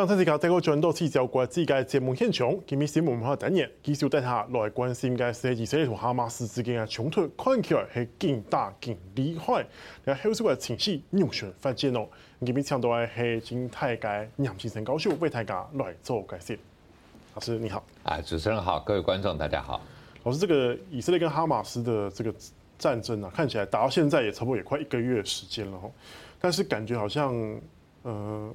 哈馬斯之間嘅衝突，看起來係更大、更厲害，而且後續嘅情勢愈來愈複雜咯。見面強度係真太嘅，嚴震生教授為大家來做解釋。老師，你好，啊主持人好，各位觀眾大家好。老師，這個以色列跟哈馬斯的這個戰爭啊，看起來打到現在也差不多也快一個月時間啦、哦，但是感覺好像，嗯、呃。